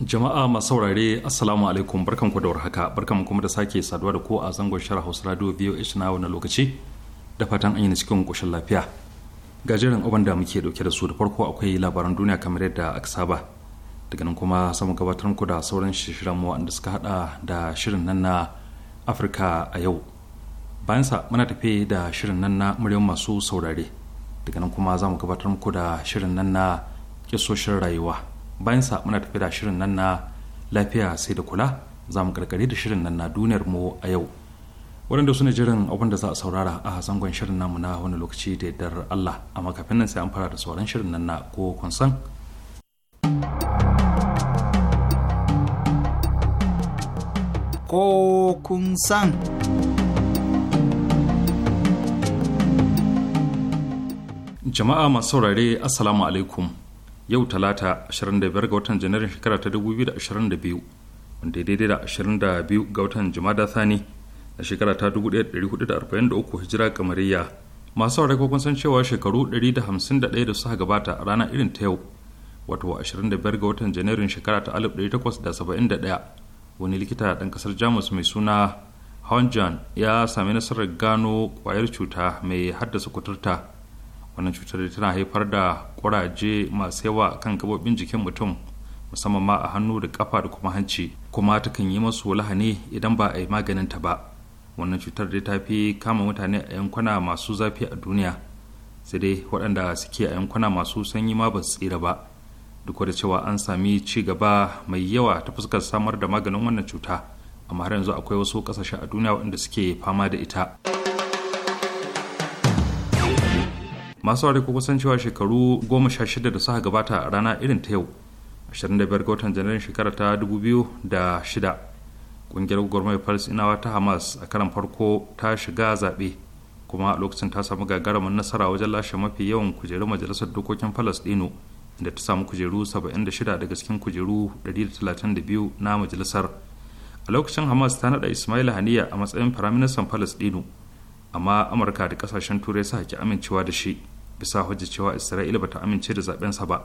Jama'a masu saurare Assalamu alaikum barkan ku da warhaka barkan kuma da sake saduwa da ko a zangon shara Hausa Radio B-U-H na wani lokaci da fatan an yi cikin koshin lafiya. Ga jerin abin da muke dauke da su da farko akwai labaran duniya kamar yadda aka saba. Daga nan kuma samu gabatar muku da sauran shirin mu wanda suka hada da shirin nan na Afirka a yau. Bayan sa muna tafe da shirin nan na muryan masu saurare. Daga nan kuma za mu gabatar muku da shirin nan na kisoshin rayuwa. bayan sa muna tafi da shirin nan na lafiya sai da kula za mu karkare da shirin nan na duniyar mu a yau waɗanda suna jiran abin da za a saurara a zangon shirin namu na wani lokaci da yardar Allah amma kafin nan sai an fara da sauran shirin nan na ko kun san ko kun san jama'a masu saurare assalamu alaikum yau talata 25 ga watan janairun shekara ta 2022 wanda ya daidai da 22 ga watan jumada thani na shekara ta 1443 hijira kamariya masu saurari ko san cewa shekaru 151 da suka gabata a ranar irin ta yau wato 25 ga watan janairun shekara ta 1871 wani likita ɗan kasar jamus mai suna honjan ya sami nasarar gano kwayar cuta mai haddasa kuturta wannan cutar tana haifar da ƙuraje masu yawa kan gabobin jikin mutum musamman ma a hannu da kafa da kuma hanci kuma takan yi masu lahani idan ba a yi maganin ta ba wannan cutar dai ta fi kama mutane a yankuna masu zafi a duniya sai dai waɗanda suke a yankuna masu sanyi ma ba su tsira ba duk da cewa an sami ci gaba mai yawa ta fuskar samar da maganin wannan cuta amma har yanzu akwai wasu ƙasashe a duniya waɗanda suke fama da ita masu ware kuka san cewa shekaru goma sha shida da suka gabata a rana irin ta yau 25 ga watan janairun shekara ta 2006 kungiyar gwamnati palestinawa ta hamas a karan farko ta shiga zaɓe kuma a lokacin ta samu gagarumin nasara wajen lashe mafi yawan kujeru majalisar dokokin palestino da ta samu kujeru 76 daga cikin kujeru 132 na majalisar a lokacin hamas ta nada ismail haniya a matsayin firaministan palestino amma amurka da kasashen turai sa ke amincewa da shi bisa hujjar cewa isra'ila bata amince da zaɓensa ba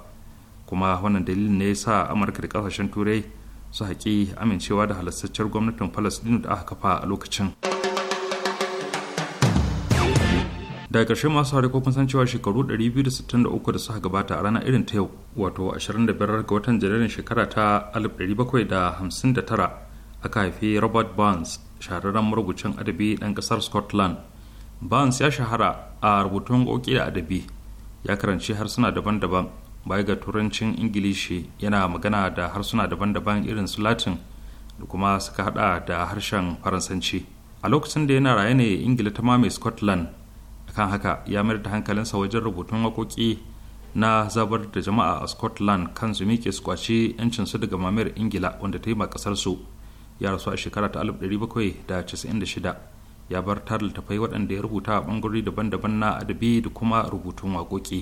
kuma wannan dalilin ne ya sa amurka da kasashen turai su haƙi amincewa da halastacciyar gwamnatin palestine da aka kafa a lokacin da ƙarshe masu hari ko san cewa shekaru 263 da suka gabata a ranar irin ta yau wato 25 ga watan janairun shekara ta 1759 aka haifi robert barnes shahararren marubucin adabi ɗan ƙasar scotland barnes ya shahara a rubutun ƙoƙi da adabi ya karanci harsuna daban-daban baya ga turancin ingilishi yana magana da harsuna daban-daban irin su latin da kuma suka hada da harshen faransanci a lokacin da yana raye ne ingila ta mame scotland kan haka ya mayar da hankalinsa wajen rubutun waƙoƙi na zabar da jama'a a scotland kan su miƙe su kwaci 'yancinsu daga mamayar ingila wanda ta yi ma su ya rasu a shekara ta 1796 ya bar tar littafai waɗanda ya rubuta a ɓangarori daban-daban na adabi da kuma rubutun waƙoƙi.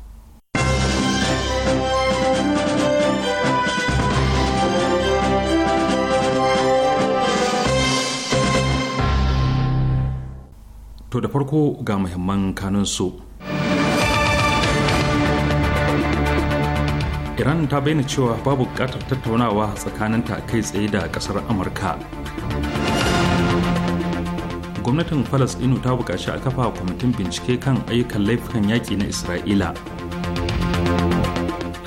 To da farko ga muhimman su Iran ta bayyana cewa babu bukatar tattaunawa tsakaninta kai tsaye da kasar Amurka. Gwamnatin Falasɗinu ta bukaci a kafa kwamitin bincike kan ayyukan laifukan yaƙi na Isra'ila.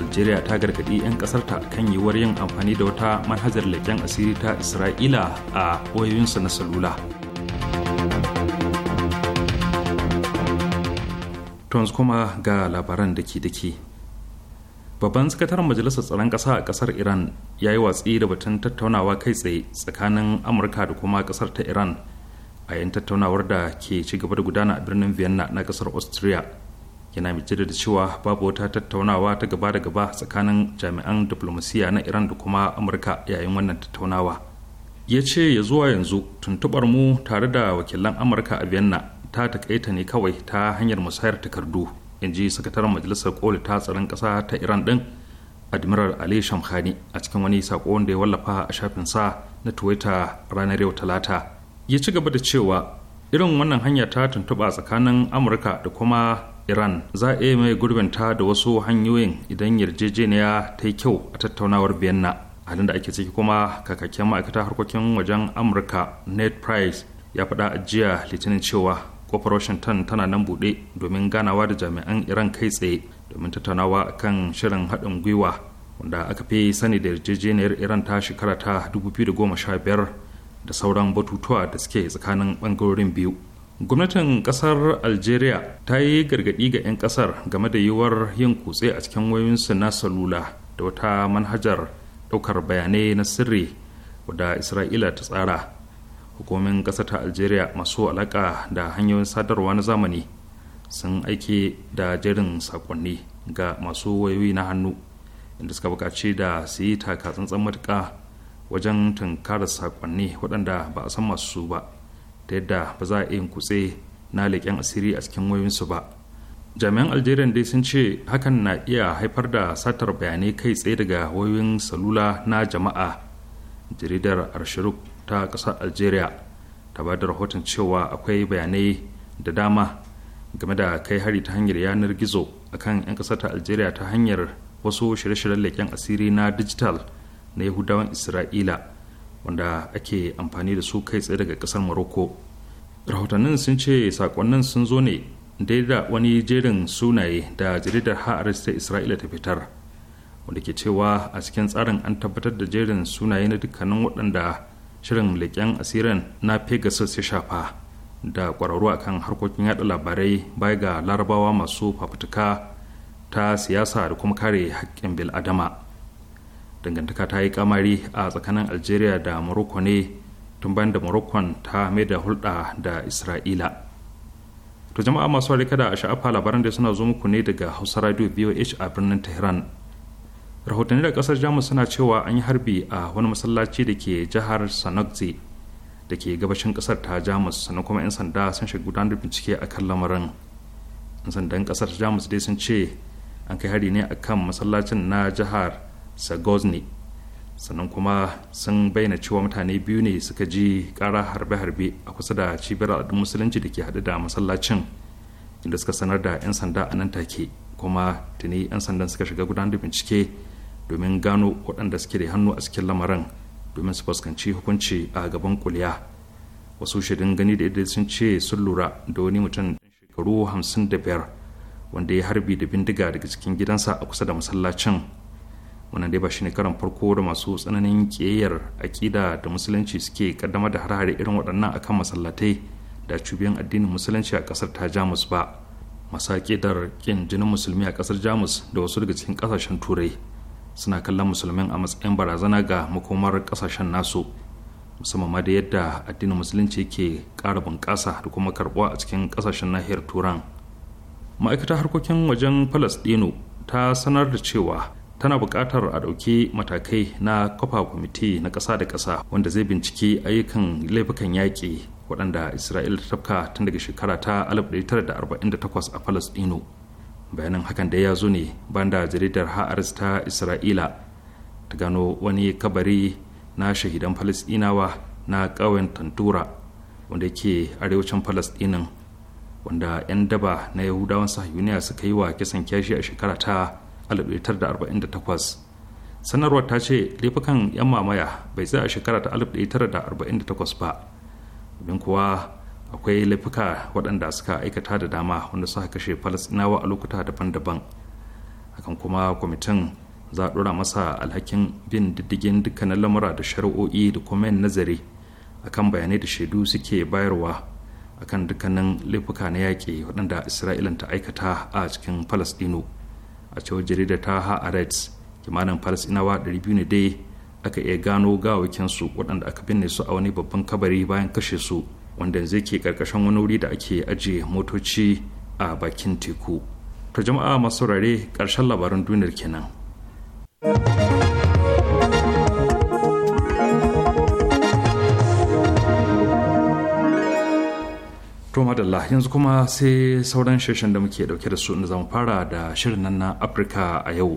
Algeria ta gargaɗi 'yan ƙasarta kan yiwuwar yin amfani da wata manhajar leƙen asiri ta Isra'ila a wayoyinsa na salula. to yanzu kuma ga labaran da ke dake babban sakataren majalisar tsaron ƙasa a ƙasar iran ya yi watsi da batun tattaunawa kai tsaye tsakanin amurka da kuma kasar ta iran a yin tattaunawar da ke ci gaba da gudana a birnin vienna na kasar austria yana mai da cewa babu wata tattaunawa ta gaba da gaba tsakanin jami'an diplomasiya na iran da kuma amurka yayin wannan tattaunawa ya ce ya zuwa yanzu tuntubar mu tare da wakilan amurka a vienna ta takaita ne kawai ta hanyar musayar takardu in ji sakataren majalisar koli ta tsaron ƙasa ta iran ɗin admiral ali shamkhani a cikin wani sako da ya wallafa a shafin sa na twitter ranar yau talata ya ci gaba da cewa irin wannan hanya ta tuntuɓa tsakanin amurka da kuma iran za a iya mai gurbinta da wasu hanyoyin idan yarjejeniya ta yi kyau a tattaunawar vienna halin da ake ciki kuma kakakken ma'aikata harkokin wajen amurka net price ya faɗa a jiya litinin cewa kofar washington tana nan buɗe domin ganawa da jami'an iran kai tsaye domin tattaunawa kan shirin haɗin gwiwa wanda aka fi sani da yarjejeniyar iran ta shekara ta 2015 da sauran batutuwa da suke tsakanin ɓangarorin biyu gwamnatin ƙasar algeria ta yi gargaɗi ga 'yan ƙasar game da yiwuwar yin kutse a cikin wayoyinsu na salula da wata manhajar ɗaukar bayanai na sirri wadda isra'ila ta tsara hukumomin ƙasa ta algeria masu alaƙa da hanyoyin sadarwa na zamani sun aike da jerin saƙonni ga masu wayoyi na hannu inda suka buƙaci da su yi taka tsantsan matuƙa wajen tunkarar saƙonni waɗanda ba a san masu su ba ta yadda ba za a yin kutse na leƙen asiri a cikin wayoyinsu ba jami'an algeria dai sun ce hakan na iya haifar da satar bayanai kai tsaye daga wayoyin salula na jama'a jaridar arshiruk ta ƙasar algeria ta ba da rahoton cewa akwai bayanai da dama game da kai hari ta hanyar yanar gizo akan 'yan ƙasar ta algeria ta hanyar wasu shirye-shiryen leƙen asiri na digital na yahudawan isra'ila wanda ake amfani da su kai tsaye daga ƙasar morocco rahotannin sun ce saƙonnin sun zo ne dai da wani jerin sunaye da jaridar ha'aris ta isra'ila ta fitar wanda ke cewa a cikin tsarin an tabbatar da jerin sunaye na dukkanin waɗanda shirin leƙen asirin na pegasus ya shafa da ƙwararru a kan harkokin yaɗa labarai baya ga larabawa masu fafutuka ta siyasa da kuma kare haƙƙin bil'adama dangantaka ta yi kamari a tsakanin algeria da morocco ne tun bayan da morocco ta mai da hulɗa da isra'ila to jama'a masu kada a sha'afa labaran da suna zo muku ne daga hausa radio voh a birnin tehran rahotanni da kasar jamus suna cewa an yi harbi a wani masallaci da ke jihar sanogze da ke gabashin kasar ta jamus sannan kuma 'yan sanda sun shiga gudanar bincike a kan lamarin 'yan sandan kasar jamus dai sun ce an kai hari ne a kan masallacin na jihar sagozni sannan kuma sun bayyana cewa mutane biyu ne suka ji kara harbe-harbe a kusa da cibiyar al'adun musulunci da ke hadu da masallacin inda suka sanar da 'yan sanda a nan take kuma tuni 'yan sandan suka shiga gudanar da bincike domin gano waɗanda suke da hannu a cikin lamarin domin su fuskanci hukunci a gaban kuliya wasu shirin gani da idan sun ce sun lura da wani mutum shekaru hamsin da biyar wanda ya harbi da bindiga daga cikin gidansa a kusa da masallacin wannan dai ba shine karan farko da masu tsananin kiyayyar aƙida da musulunci suke kaddamar da harhare irin waɗannan akan masallatai da cubiyan addinin musulunci a ƙasar ta jamus ba masu aƙidar ƙin jinin musulmi a ƙasar jamus da wasu daga cikin ƙasashen turai suna kallon musulmin a matsayin barazana ga makomar kasashen nasu musamman ma da yadda addinin musulunci ke kara bunƙasa da kuma karɓuwa a cikin kasashen nahiyar turan ma'aikatar harkokin wajen palestino ta sanar da cewa tana bukatar a ɗauki matakai na kafa kwamiti na ƙasa da ƙasa wanda zai binciki ayyukan laifukan yaƙi waɗanda isra'ila ta tafka tun daga shekara ta 1948 a palestino bayanin hakan da ya zo ne banda jaridar ha'ars ta isra'ila ta gano wani kabari na shahidan falasdinawa na ƙauyen tantura wanda ke arewacin falasdinin wanda 'yan daba na yahudawan sahiyuniya suka yi wa kisan kyashi a shekara ta 1948 sanarwar ta ce laifukan 'yan mamaya bai tsaya a shekara ta 1948 ba domin kuwa akwai laifuka waɗanda suka aikata da dama wanda suka kashe falasɗinawa a lokuta daban-daban hakan kuma kwamitin za a ɗora masa alhakin bin diddigin dukkanin lamura da shari'o'i da kuma yin nazari akan bayanai da shaidu suke bayarwa akan dukkanin laifuka na yaƙi waɗanda isra'ila ta aikata a cikin falasɗinu a cewar jarida ta ha'aretz kimanin falasɗinawa biyu ne dai aka iya gano gawakinsu waɗanda aka binne su a wani babban kabari bayan kashe su wanda yanzu ke karkashin wani wuri da ake ajiye motoci a bakin teku to jama'a masu saurare karshen labarin duniyar kenan to madalla yanzu kuma sai sauran shirin da muke dauke da su inda zamu fara da shirin nan na afirka a yau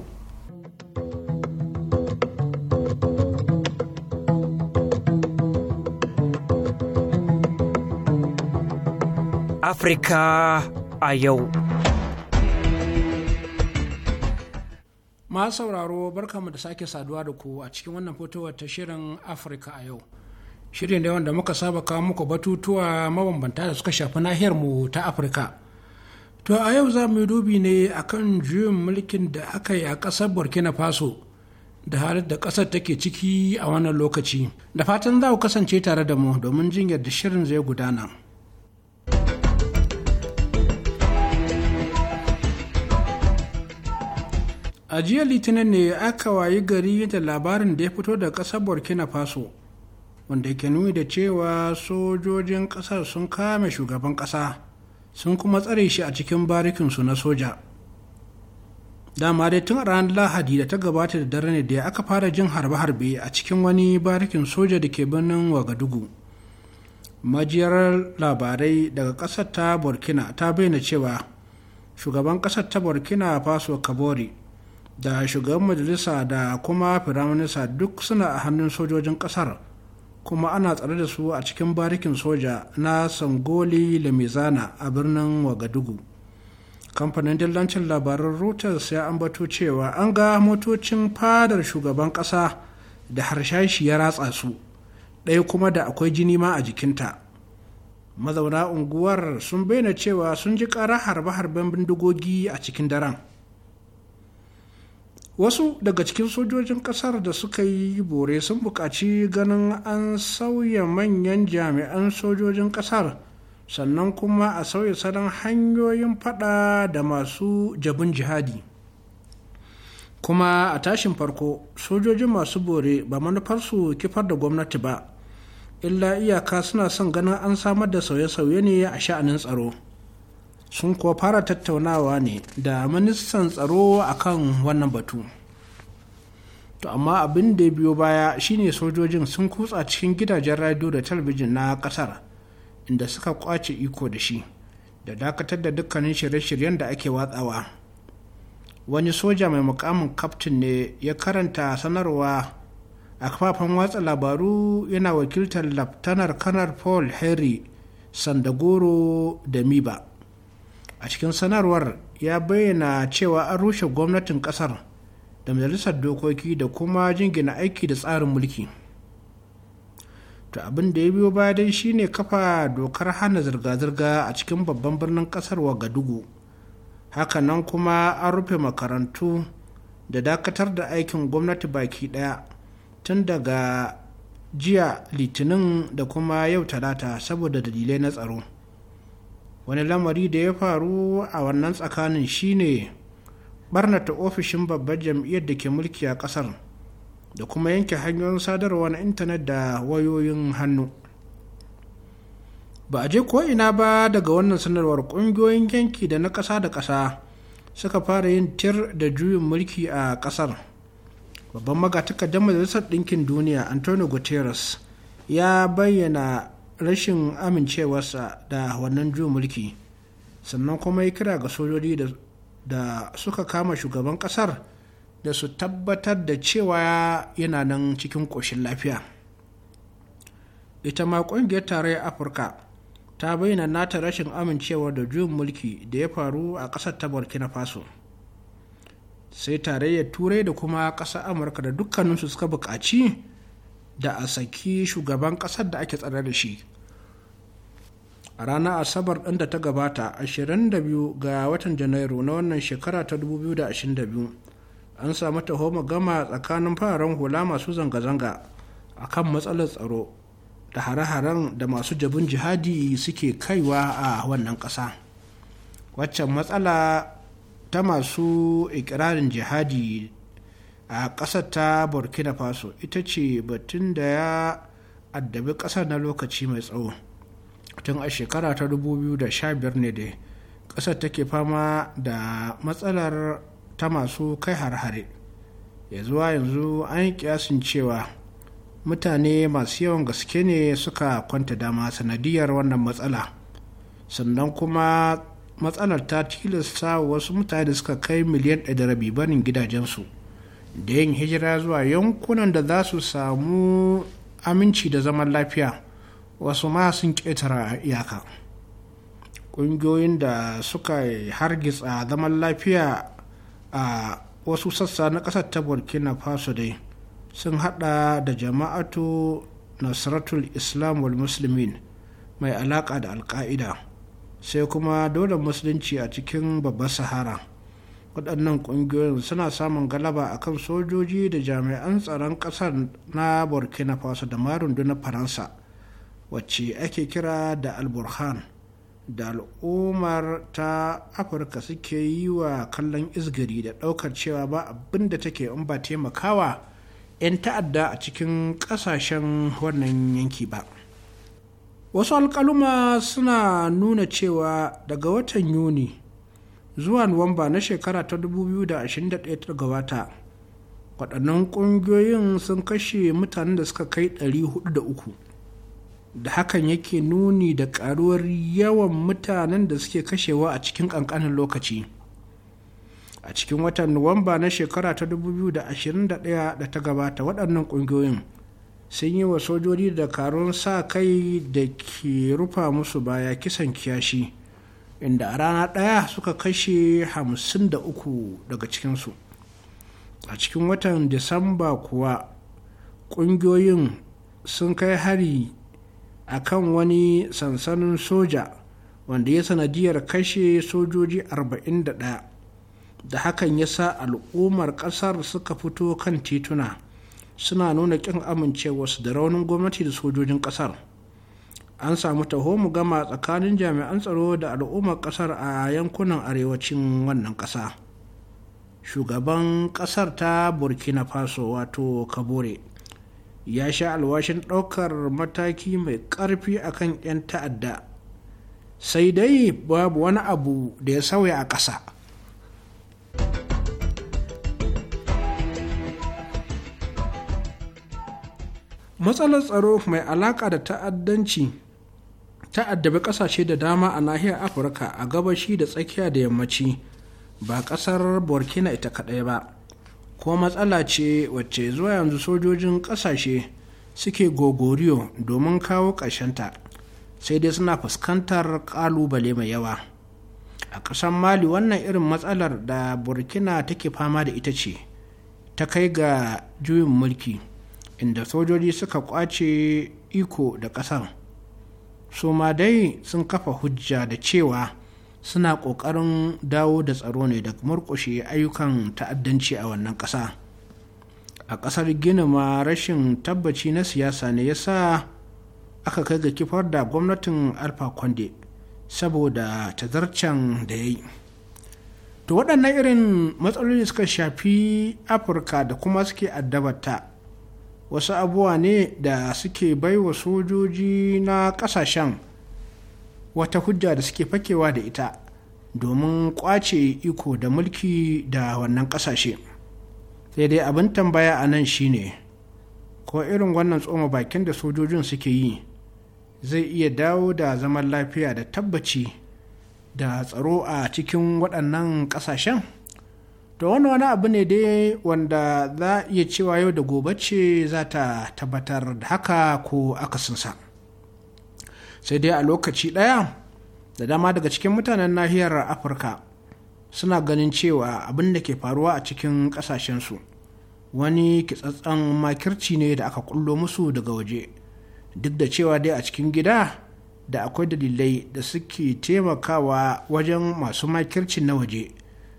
Afrika a yau. Masu sauraro barkamu da sake saduwa da ku a cikin wannan fitowar ta shirin Afrika a yau. Shirin da wanda muka saba kawo muku batutuwa mabambanta da suka shafi nahiyar mu ta Afrika. To a yau za mu yi dubi ne akan juyin mulkin da aka yi a ƙasar Burkina Faso da halin da ƙasar take ciki a wannan lokaci. Da fatan za ku kasance tare da mu domin jin yadda shirin zai gudana. a jiya litinin ne aka wayi gari da labarin da ya fito da ƙasar burkina faso wanda ke nuni da cewa sojojin ƙasar sun kame shugaban ƙasa sun kuma tsare shi a cikin barikinsu na soja dama dai tun ranar lahadi da ta gabata da dare ne da aka fara jin harbe-harbe a cikin wani barikin soja da ke birnin wagadugu majiyar labarai daga ƙasar ta burkina ta bayyana cewa shugaban ƙasar ta burkina faso kabori da shugaban majalisa da kuma firaminista duk suna a hannun sojojin kasar kuma ana tsare da su a cikin barikin soja na sangoli lamizana a birnin wagadugu kamfanin dillancin labaran reuters ya ambato cewa an ga motocin fadar shugaban kasa da harshashi ya ratsa su ɗaya kuma da akwai jini ma a jikinta mazauna unguwar sun bayyana cewa sun ji ƙara harbe-harben bindigogi a cikin daren wasu daga cikin sojojin kasar da suka yi bore sun buƙaci ganin an sauya manyan jami'an sojojin kasar sannan kuma a sauya salon hanyoyin fada da masu jabin jihadi kuma a tashin farko sojojin masu bore ba manufarsu kifar da gwamnati ba illa iyaka suna son ganin an samar da sauye-sauye ne a sha'anin tsaro sun kuwa fara tattaunawa ne da ministan tsaro a kan wannan batu to amma abin da biyo baya shine sojojin sun kutsa cikin gidajen radio da talabijin na kasar inda suka kwace iko da shi da dakatar da dukkanin shirye-shiryen da ake watsawa wani soja mai mukamin kaftin ne ya karanta sanarwa a kafafen watsa labaru yana wakiltar laftanar kanar paul henry sandagoro da miba a cikin sanarwar ya bayyana cewa an rushe gwamnatin kasar da majalisar dokoki da kuma jingina aiki da tsarin mulki to abin da ya biyo baya dai shine kafa dokar hana zirga-zirga a cikin babban birnin kasar wagadugu hakanan kuma an rufe makarantu da dakatar da aikin gwamnati baki daya tun daga jiya litinin da kuma yau talata saboda dalilai na tsaro wani lamari da ya faru a wannan tsakanin shine barnata ofishin babbar jam'iyyar da ke mulki a kasar da kuma yanke hanyoyin sadarwa na intanet da wayoyin hannu ba a je ko'ina ba daga wannan sanarwar ƙungiyoyin yanki da na ƙasa da ƙasa suka fara yin tir da juyin mulki a ƙasar babban magatakardar majalisar ɗinkin duniya antonio guterres ya bayyana rashin amincewarsa da wannan juyin mulki sannan kuma ya kira ga sojoji da suka kama shugaban kasar da su tabbatar da cewa yana nan cikin ƙoshin lafiya ita ma ƙungiyar tarayyar afirka ta bayyana nata rashin amincewar da juyin mulki da ya faru a ƙasar ta burkina faso sai tarayyar turai da kuma ƙasar amurka da dukkaninsu suka buƙaci da a saki shugaban ƙasar da ake tsare da shi a ranar asabar ɗin da ta gabata 22 ga watan janairu na wannan shekara ta 2022 an samu tahoma gama tsakanin fararen hula masu zanga-zanga a kan matsalar tsaro da hare-haren da masu jabin jihadi suke kaiwa a wannan ƙasa waccan matsala ta masu ikirarin jihadi a ƙasar ta burkina faso ita ce batun da ya addabi ƙasar na lokaci mai tsawo tun a shekara ta 2015 ne dai ƙasar take fama da matsalar ta masu kai har-hare ya zuwa yanzu an yi kiyasin cewa mutane masu yawan gaske ne suka kwanta dama sanadiyar wannan matsala sannan kuma matsalar ta tilasta wasu mutane suka kai miliyan ɗaya da rabi barin gidajensu da yin hijira zuwa yankunan da za su samu aminci da zaman lafiya wasu ma sun ƙetara iyaka ƙungiyoyin da suka hargitsa zaman lafiya a wasu sassa na ƙasar ta burkina faso dai sun hada da jama'atu nasratul islam wal muslimin mai alaƙa da alƙa'ida sai kuma dole musulunci a cikin babbar sahara waɗannan ƙungiyoyin suna samun galaba a kan sojoji da jami'an tsaron ƙasar na burkina faso da marundu na faransa wacce ake kira da alburhan da al'ummar ta afirka suke yi wa kallon izgiri da ɗaukar cewa ba abin da take in ba taimakawa 'yan ta'adda a cikin ƙasashen wannan yanki ba wasu alƙaluma suna nuna cewa daga watan yuni zuwa nuwamba na shekara ta 2021 ta gabata waɗannan ƙungiyoyin sun kashe mutanen da suka kai 403 da hakan yake nuni da ƙaruwar yawan mutanen da suke kashewa a cikin ƙanƙanin lokaci a cikin watan nuwamba na shekara ta 2021 da ta gabata waɗannan ƙungiyoyin sun yi wa sojoji da karun sa kai da ke rufa musu baya kisan kiyashi inda a rana ɗaya suka kashe 53 daga cikinsu a cikin watan disamba kuwa ƙungiyoyin sun kai hari a kan wani sansanin soja wanda ya sanadiyar kashe sojoji 41 da hakan ya sa al'ummar ƙasar suka fito kan tituna suna nuna ƙin su da raunin gwamnati da sojojin ƙasar an samu taho mu gama tsakanin jami'an tsaro da al'ummar kasar a yankunan arewacin wannan kasa shugaban kasar ta burkina faso wato kabore ya sha alwashin ɗaukar mataki mai ƙarfi akan 'yan ta'adda sai dai babu wani abu da ya sauya a ƙasa matsalar tsaro mai alaƙa da ta'addanci ta addabi kasashe da dama a nahiyar afirka a gabashi da tsakiya da yammaci ba kasar burkina ita kadai ba ko matsala ce wacce zuwa yanzu sojojin kasashe suke gogoriyo domin kawo ƙarshenta sai dai suna fuskantar ƙalubale mai yawa a ƙasar mali wannan irin matsalar da burkina take fama da ita ce ta kai ga juyin mulki inda sojoji suka kwace iko da ƙasar su ma dai sun kafa hujja da cewa suna ƙoƙarin dawo da tsaro ne da murƙushe ayyukan ta'addanci a wannan ƙasa a ƙasar gini ma rashin tabbaci na siyasa ne ya sa aka kai ga kifar da gwamnatin alfa kwande saboda tazarcen da ya yi to waɗannan irin matsaloli suka shafi afirka da kuma suke addabarta wasu abubuwa ne da suke baiwa sojoji na ƙasashen wata hujja da suke fakewa da ita domin ƙwace iko da mulki da wannan ƙasashe sai dai abin tambaya a nan shine ko irin wannan tsoma bakin da sojojin suke yi zai iya dawo da zaman lafiya da tabbaci da tsaro a cikin waɗannan ƙasashen? to wani wani abu ne dai wanda za iya cewa yau da gobe ce za ta tabbatar da haka ko akasinsa sai dai a lokaci ɗaya da dama daga cikin mutanen nahiyar afirka suna ganin cewa abin da ke faruwa a cikin ƙasashensu wani kitsatsan makirci ne da aka kullo musu daga waje duk da cewa dai a cikin gida da akwai dalilai da suke taimakawa wajen masu makircin na waje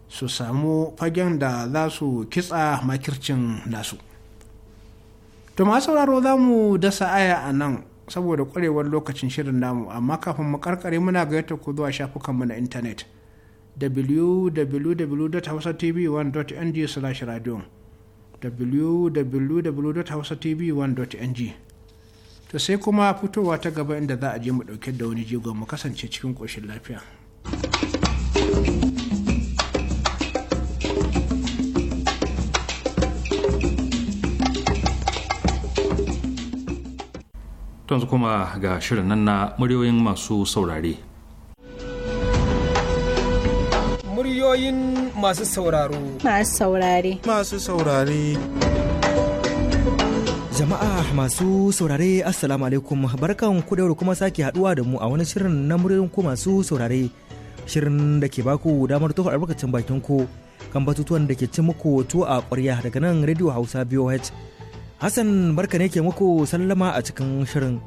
su samu fagen da za su kitsa makircin nasu to ma sauraro za mu dasa aya a nan saboda kwarewar lokacin shirin namu amma kafin mu karkare muna gayyata ku zuwa shafukanmu na intanet www.hausatv1.ng/radio www.hausatv1.ng to sai kuma fitowa ta gaba inda za a je mu dauke da wani jigon mu kasance cikin koshin lafiya. yanzu kuma ga shirin nan na muryoyin masu saurare. Muryoyin masu sauraro. Masu saurare. Masu saurare. Jama'a masu saurare Assalamu alaikum barkan ku da kuma sake haduwa da mu a wani shirin na muryoyin ku masu saurare. Shirin da ke baku damar tofa albarkacin bakin ku kan batutuwan da ke cin muku tuwo a ƙwarya daga nan Radio Hausa BOH. Hassan barka ne ke muku sallama a cikin shirin.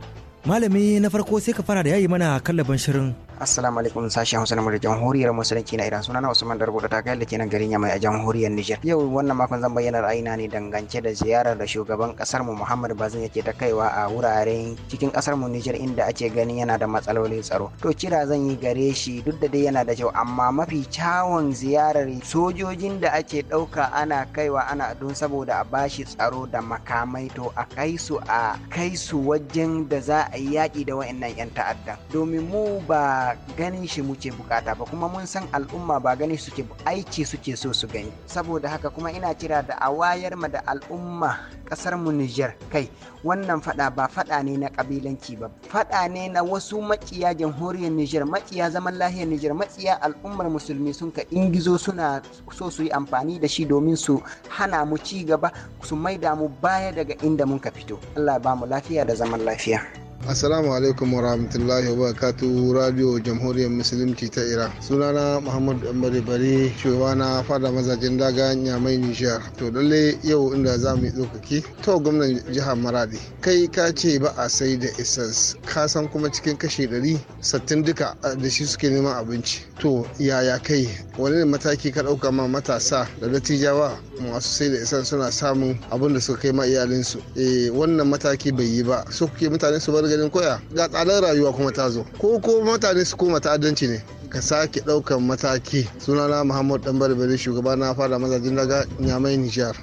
Malami na farko sai ka fara da yayi mana kallaban shirin. Assalamu alaikum sashen Hausa na Horiyar Musulunci na Iran sunana Usman Darbo da takai da kenan garin Yamai a jamhuriyar Niger. Yau wannan makon zan bayyana ra'ayina ne dangance da ziyarar da shugaban kasar mu Muhammad Bazoum yake ta kaiwa a wuraren cikin kasar mu Niger inda ake ganin yana da matsalolin tsaro. To kira zan yi gare shi duk da dai yana da kyau amma mafi kyawun ziyarar sojojin da ake ɗauka ana kaiwa ana don saboda a bashi tsaro da makamai to a kai su a kai su wajen da za a yi yaƙi da wa'annan 'yan ta'adda. Domin mu ba ganin shi muke bukata ba kuma mun san al'umma ba gani suke aiki suke so su gani saboda haka kuma ina kira da a wayar ma da al'umma kasar mu Niger kai wannan fada ba fada ne na kabilanci ba fada ne na wasu makiya jamhuriyar Niger makiya zaman lahiyar Niger makiya al'ummar musulmi sun ka ingizo suna so su yi amfani da shi domin su hana mu ci gaba su maida mu baya daga inda mun ka fito Allah ba mu lafiya da zaman lafiya Assalamu alaikum wa rahmatullahi wa barakatu radio jamhuriyar musulunci ta Iran. Sunana Muhammadu Ambari Bare shugaba na fada mazajen daga Nyamai Nijar. To lalle yau inda za mu yi tsokaki. To gwamnan jihar Maradi. Kai ka ce ba a sai da essence. Ka san kuma cikin kashe ɗari sattin duka da shi suke neman abinci. To yaya kai wani ne mataki ka ɗauka ma matasa da dattijawa masu sai da essence suna samun abin da suka kai ma iyalinsu. Eh wannan mataki bai yi ba. So kuke mutane su bar ganin koya ga tsadar rayuwa kuma ta zo ko ko mutane su koma ta'addanci ne ka sake ɗaukan mataki sunana muhammad dan barbari shugaba na fara mazajin daga nyamai nijar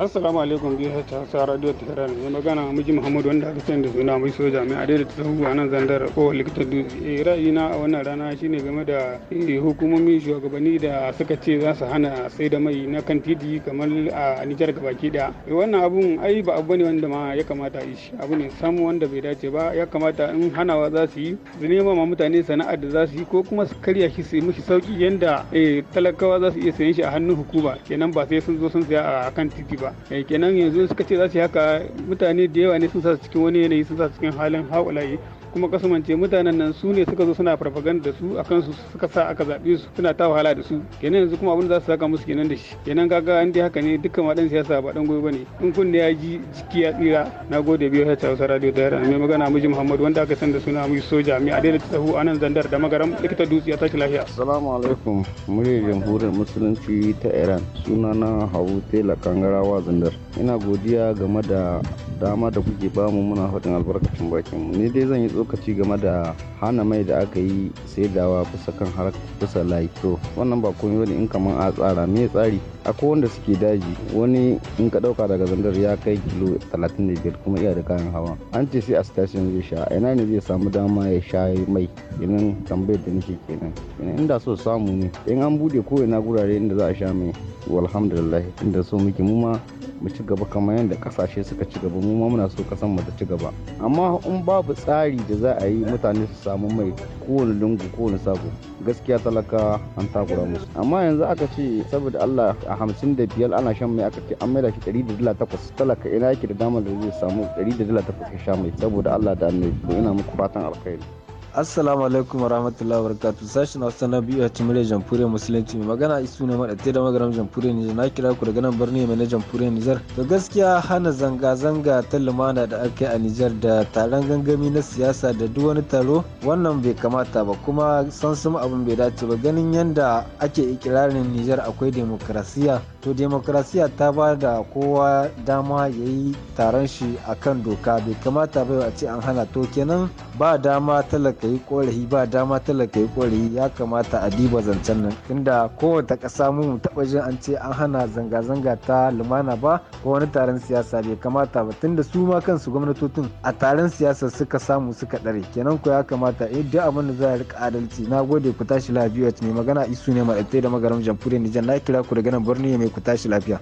assalamu alaikum biyu ta sa radio tehran mai magana miji muhammadu wanda aka sani da suna mai soja mai adai da tasahu a nan zandar ko likita dutse eh, ra'ayina a wannan rana shine game da hukumomi shugabanni da suka ce za su hana sai da mai na kan titi kamar a nijar gabaki daya eh, wannan abun ai ba abu ne wanda ma ya kamata a yi shi abu ne samu wanda bai dace ba ya kamata in hanawa za su yi su nema ma mutane sana'ar da za su yi ko kuma su karya shi su yi mishi sauki yanda eh, talakawa za su iya sayen shi a hannun hukuma kenan ba sai sun zo sun saya a kan titi ba eh, kenan yanzu suka ce za su yi haka mutane da yawa ne sun sa cikin wani yanayi sun sa cikin halin haƙulayi kuma kasumance mutanen nan su ne suka zo suna farfaganda da su a kansu suka sa aka zaɓe su suna ta wahala da su kenan yanzu kuma abin da za su saka musu kenan da shi kenan kaga an dai haka ne dukkan waɗansu siyasa ba ɗan gobe ne in kunne ya ji ciki ya tsira na gode biyu ya hausa radio da yara mai magana miji muhammad wanda aka san da suna mai soja mai adela ta tsahu a zandar da magaram likita dutse ya tashi lafiya. salamu alaikum muryar jamhuriyar musulunci ta iran sunana hawu tela kangarawa zandar ina godiya game da dama da kuke bamu muna faɗin albarkacin bakin mu ni dai zan yi tsokaci game da hana mai da aka yi saidawa bisa kan har bisa layi to wannan ba komai bane in kaman a tsara me tsari akwai wanda suke daji wani in ka dauka daga zandar ya kai kilo 35 kuma iya da kayan hawa an ce sai a station zai sha ina ne zai samu dama ya sha mai idan tambayar da nake kenan ina inda so samu ne in an bude ko ina gurare inda za a sha mai walhamdulillah inda so muke mu ma mu ci gaba kamar yadda kasashe suka ci gaba mu mu ma muna so kasan mu ta ci gaba amma in babu tsari da za a yi mutane su samu mai kowane lungu kowane sako gaskiya talaka an takura musu amma yanzu aka ce saboda Allah a hamsin da biyar ana shan mai aka ce an maida shi ɗari da dala takwas talaka ina yake da damar da zai samu ɗari da dala takwas ka sha mai saboda Allah da annabi ina muku fatan alkhairi. assalamu alaikum warahmatullahi wabarakatuh sashi na sashen hausa na biyu a cimiliyar jamhuriyar musulunci mai magana isu ne maɗa da magaram jamhuriyar nijar na kira ku daga nan birni mai na jamhuriyar nijar to gaskiya hana zanga-zanga ta lumana da aka yi a nijar da taron gangami na siyasa da duk wani taro wannan bai kamata ba kuma san sun abin bai dace ba ganin yadda ake ikirarin nijar akwai demokrasiya to demokrasiya ta ba da kowa dama ya yi taron shi a kan doka bai kamata bai a ce an hana to kenan ba dama talaka yi korafi ba dama talaka yi korafi ya kamata a diba zancen nan inda kowace ƙasa mu taɓa jin an ce an hana zanga-zanga ta lumana ba ko wani taron siyasa bai kamata ba tunda su ma kansu gwamnatocin a taron siyasa suka samu suka ɗare kenan ko ya kamata eh duk abin da za a rika adalci na gode ku tashi lafiya mai magana isu ne maɗaitai da magaram jamhuriyar nijar na kira ku daga nan birni mai ku tashi lafiya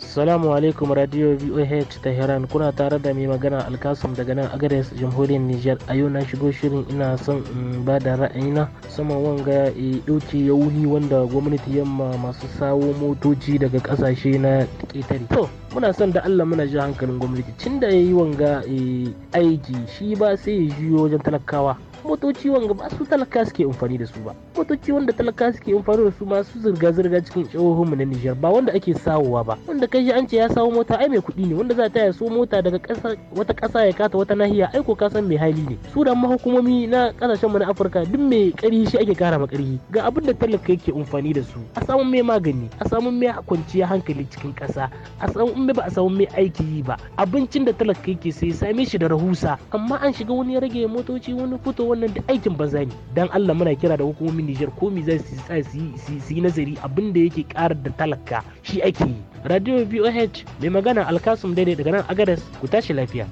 Salamu alaikum Radio VOH Tehran kuna tare da mai magana Alkasum daga nan agares Jamhuriyar Nijar a yau na shigo shirin ina son in ba da ra'ayina sama wanga e eh, doki ya wuni wanda gwamnati yamma masu sawo motoci daga kasashe na ƙetare. To muna son da Allah muna ji hankalin gwamnati tun da ya yi wanga e aiki shi ba sai ya juyo wajen talakawa motoci wanga ba su talaka suke amfani da su ba. motoci wanda talaka suke amfani da su masu zirga-zirga cikin mu na Nijar ba wanda ake sawowa ba wanda kai shi an ce ya sawo mota ai mai kuɗi ne wanda za ta ya so mota daga wata ƙasa ya kata wata nahiya ai ko kasan mai hali ne su da mahukumomi na ƙasashenmu na Afirka duk mai ƙari shi ake kara ma ga abin da talaka yake amfani da su a samu mai magani a samu mai kwanciya hankali cikin ƙasa a samu in ba a samu mai aiki yi ba abincin da talaka yake sai same shi da rahusa amma an shiga wani rage motoci wani fito wannan da aikin banza ne dan Allah muna kira da hukumomin Nijar komi za su yi nazari abin da yake ƙara da talaka shi ake yi. Radio BOH mai magana Alkasum daidai daga nan Agadas ku tashi lafiya.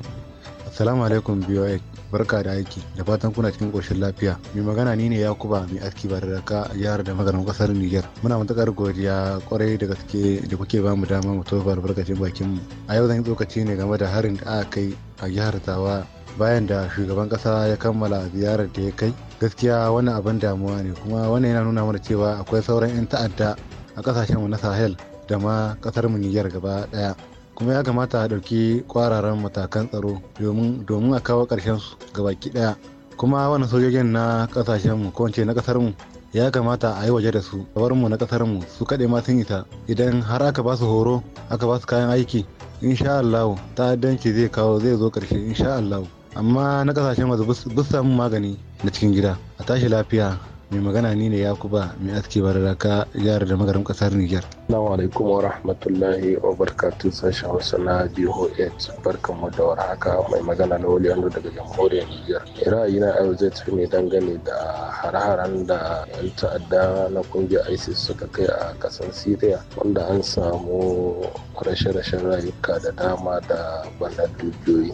Assalamu alaikum BOH barka da aiki da fatan kuna cikin koshin lafiya mai magana ni ne Yakuba mai aski ba da a yara da maganin kasar Niger muna matakar godiya kwarai da gaske da kuke bamu mu dama mu tofa albarkacin bakin mu a yau zan yi tsokaci ne game da harin da aka kai a jihar Tawa bayan da shugaban ƙasa ya kammala ziyarar da ya kai gaskiya wannan abin damuwa ne kuma wannan yana nuna mana cewa akwai sauran 'yan ta'adda a ƙasashenmu na sahel da ma ƙasarmu niyyar gaba ɗaya kuma ya kamata a ɗauki kwararan matakan tsaro domin a kawo ƙarshen su gabaki ɗaya kuma wannan sojojin na ƙasashenmu ko na ƙasarmu ya kamata a yi waje da su mu na ƙasarmu su kaɗe ma sun isa idan har aka ba su horo aka ba su kayan aiki insha ta'addanci zai kawo zai zo ƙarshe insha amma na kasashen wasu bus samun magani na cikin gida a tashi lafiya mai magana ni ne yakuba mai aski bararaka jihar da magarin kasar niger Assalamu alaikum wa rahmatullahi wa barakatun sashen wasu na barkan mu da haka mai magana na Wuliyando daga jamhuriyar Niger. Ra'ayina yau zai tafi ne dangane da hare-haren da 'yan ta'adda na kungiyar ISIS suka kai a kasan Syria wanda an samu rashe-rashen rayuka da dama da bana dubiyoyi.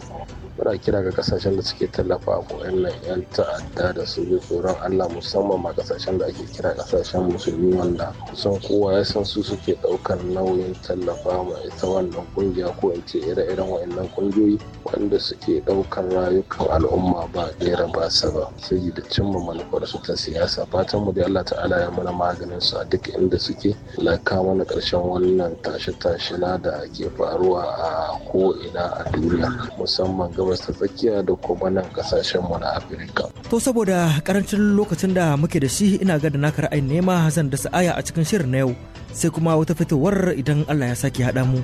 muna kira ga kasashen da suke tallafa ko nan yan ta'adda da su bi tsoron allah musamman ma kasashen da ake kira kasashen musulmi wanda kusan kowa ya san su suke daukar nauyin tallafa ma ita wannan kungiya ko in ce ire-iren wa'annan kungiyoyi wanda suke daukar rayukan al'umma ba gera ba saba sai da cimma manufar su ta siyasa fatan mu da allah ta'ala ya mana maganin su a duk inda suke laka mana karshen wannan tashe-tashe da ke faruwa a ko ina a duniya musamman ga wasu tsakiya da kuma nan kasashen mu na afirka to saboda karancin lokacin da muke da shi ina ga da naka ra'ayin nema zan dasa aya a cikin shirin na yau sai kuma wata fitowar idan allah ya sake haɗa mu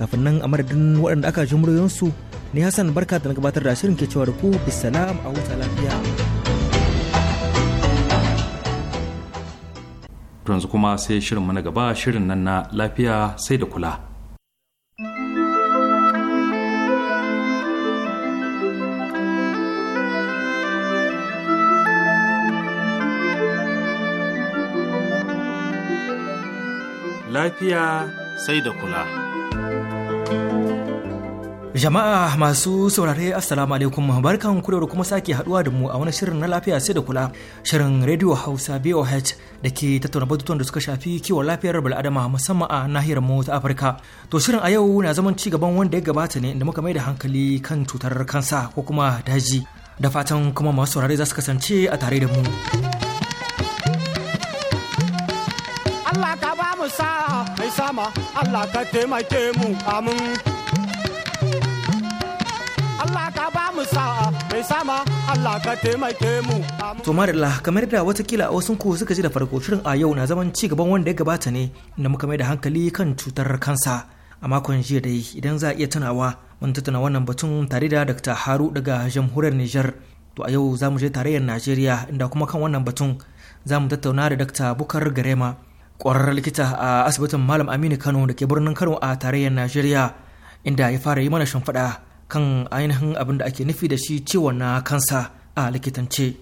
kafin nan a madadin waɗanda aka ji muryoyinsu ni hassan barka da na gabatar da shirin ke cewa da ku bisalam a huta lafiya yanzu kuma sai shirin na gaba shirin nan na lafiya sai da kula lafiya sai da kula. Jama'a masu saurare Assalamu alaikum barkan ku da kuma sake haduwa da mu a wani shirin na lafiya sai da kula shirin Radio Hausa BOH da ke tattauna batutuwan da suka shafi kiwon lafiyar bal'adama musamman a nahiyar mu ta Afirka. To shirin a yau na zaman ci gaban wanda ya gabata ne da muka mai da hankali kan cutar kansa ko kuma daji. Da fatan kuma masu saurare za su kasance a tare da mu. mu sa mai sama Allah ka taimake mu amin Allah ka ba mu sa'a mai sama Allah ka taimake mu to marilla kamar da watakila a wasu ku suka ji da farko shirin a yau na zaman ci gaban wanda ya gabata ne na muka mai da hankali kan cutar kansa a makon jiya dai idan za a iya tunawa mun tattauna wannan batun tare da Dr. Haru daga jamhuriyar Nijar to a yau za mu je tarayyar Najeriya inda kuma kan wannan batun za mu tattauna da Dr. Bukar Garema ƙwararren likita a asibitin malam aminu kano da ke birnin kano a tarayyar najeriya inda ya fara yi mana shimfiɗa kan ainihin abin da ake nufi da shi ciwon na kansa a likitance.